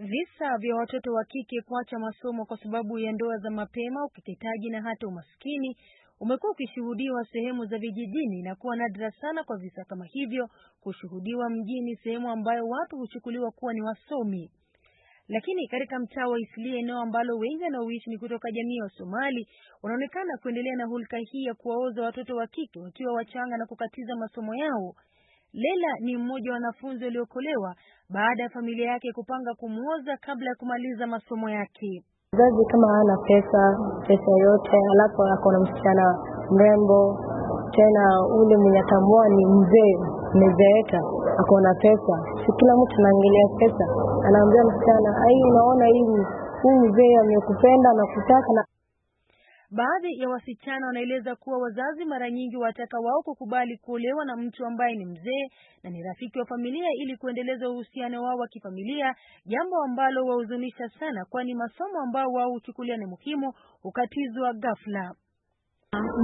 Visa vya watoto wa kike kuacha masomo kwa sababu ya ndoa za mapema, ukeketaji na hata umaskini umekuwa ukishuhudiwa sehemu za vijijini na kuwa nadra sana kwa visa kama hivyo kushuhudiwa mjini, sehemu ambayo watu huchukuliwa kuwa ni wasomi. Lakini katika mtaa wa Islia, eneo ambalo wengi wanaoishi ni kutoka jamii ya Somali, wanaonekana kuendelea na hulka hii ya kuwaoza watoto wa kike wakiwa wachanga na kukatiza masomo yao. Lela ni mmoja wa wanafunzi waliokolewa baada ya familia yake kupanga kumwoza kabla ya kumaliza masomo yake. Mzazi kama hana pesa pesa yote, alafu ako na msichana mrembo tena ule mwenye atambua ni mzee mezeeka, ako na pesa. Si kila mtu anaangalia pesa, anaambia msichana, ai, unaona hii huyu mzee amekupenda kutaka na Baadhi ya wasichana wanaeleza kuwa wazazi mara nyingi wataka wao kukubali kuolewa na mtu ambaye ni mzee na ni rafiki wa familia ili kuendeleza uhusiano wao wa kifamilia, jambo ambalo wahuzunisha sana, kwani masomo ambao wao huchukulia ni muhimu hukatizwa ghafla.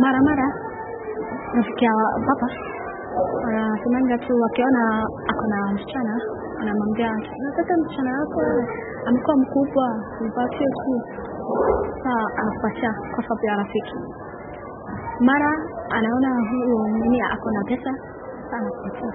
Mara mara nafikia papa anasemanga tu, wakiona ako na msichana anamwambia, sasa msichana wako amekuwa mkubwa, mpatie tu anakupatia kwa sababu ya rafiki, mara anaona huyo mwenyewe ako na pesa anakupatia.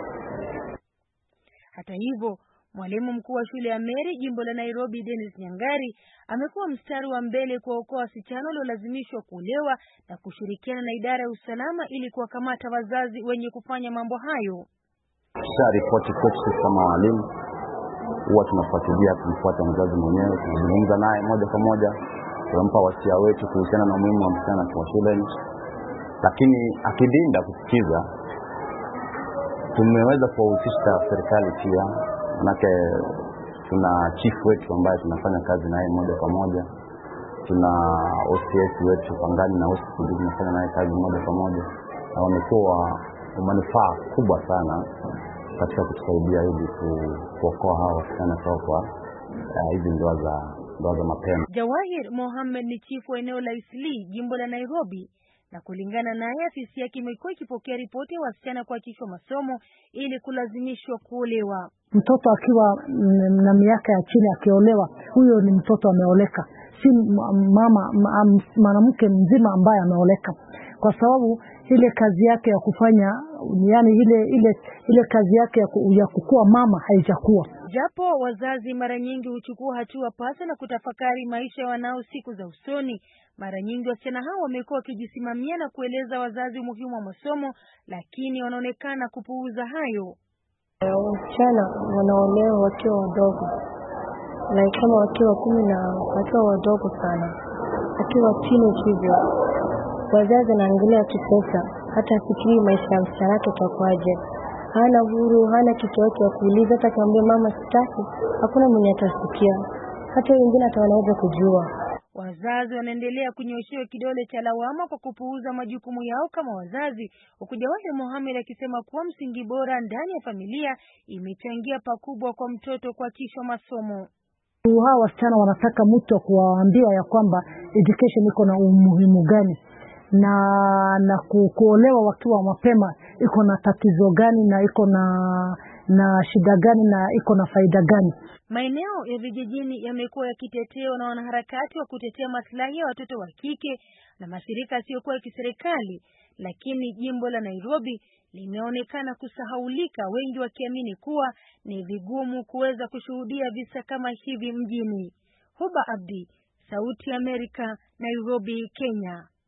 Hata hivyo mwalimu mkuu wa shule ya Meri jimbo la Nairobi, Dennis Nyangari amekuwa mstari wa mbele kuwaokoa wasichana waliolazimishwa kuolewa na kushirikiana na idara ya usalama ili kuwakamata wazazi wenye kufanya mambo hayo. Kisha ripoti kwetu kama walimu huwa tunafuatilia, kumfuata mzazi mwenyewe, tunazungumza naye moja kwa moja tunampa wasia wetu kuhusiana na umuhimu wa msichana akiwa shuleni, lakini akidinda kusikiza, tumeweza kuwahusisha serikali pia, manake tuna chifu wetu ambaye tunafanya kazi naye moja kwa moja, tuna OCS wetu Pangani na OCS tunafanya naye kazi moja kwa moja, na wamekuwa manufaa kubwa sana katika kutusaidia hivi kuokoa hawa wasichana kutoka eh, hizi ndoa za za mapema. Jawahir Mohamed ni chifu wa eneo la Isli, jimbo la Nairobi, na kulingana naye, afisi yake imekuwa ikipokea ripoti ya wasichana kuachishwa masomo ili kulazimishwa kuolewa. Mtoto akiwa na miaka ya chini akiolewa, huyo ni mtoto ameoleka, si mama mwanamke mzima ambaye ameoleka, kwa sababu ile kazi yake ya kufanya, yani ile ile ile kazi yake ya kukua mama haijakuwa Japo wazazi mara nyingi huchukua hatua pasa na kutafakari maisha ya wanao siku za usoni, mara nyingi wasichana hao wamekuwa wakijisimamia na kueleza wazazi umuhimu wa masomo, lakini wanaonekana kupuuza hayo. Wasichana wanaolewa wakiwa wadogo, like kama wakiwa kumi na wakiwa wadogo sana, wakiwa chini hivyo. Wazazi wanaangalia tu hata afikiri maisha ya msichana wake utakuwaje hana huru, hana kitu yake ya kuuliza. Hata akiambia mama sitaki, hakuna mwenye atasikia, hata wengine hata wanaweza kujua. Wazazi wanaendelea kunyoshewa kidole cha lawama kwa kupuuza majukumu yao kama wazazi, huku Jawahir Mohamed akisema kuwa msingi bora ndani ya familia imechangia pakubwa kwa mtoto kuachishwa masomo. Hawa wasichana wanataka mtu wa kuwaambia ya kwamba education iko na umuhimu gani na na kuolewa wakiwa mapema iko na tatizo gani na iko na na shida gani na iko na faida gani? Maeneo ya vijijini yamekuwa yakitetewa na wanaharakati wa kutetea maslahi ya watoto wa kike na mashirika yasiyokuwa ya kiserikali, lakini jimbo la Nairobi limeonekana kusahaulika, wengi wakiamini kuwa ni vigumu kuweza kushuhudia visa kama hivi mjini. Huba Abdi, Sauti Amerika, Nairobi, Kenya.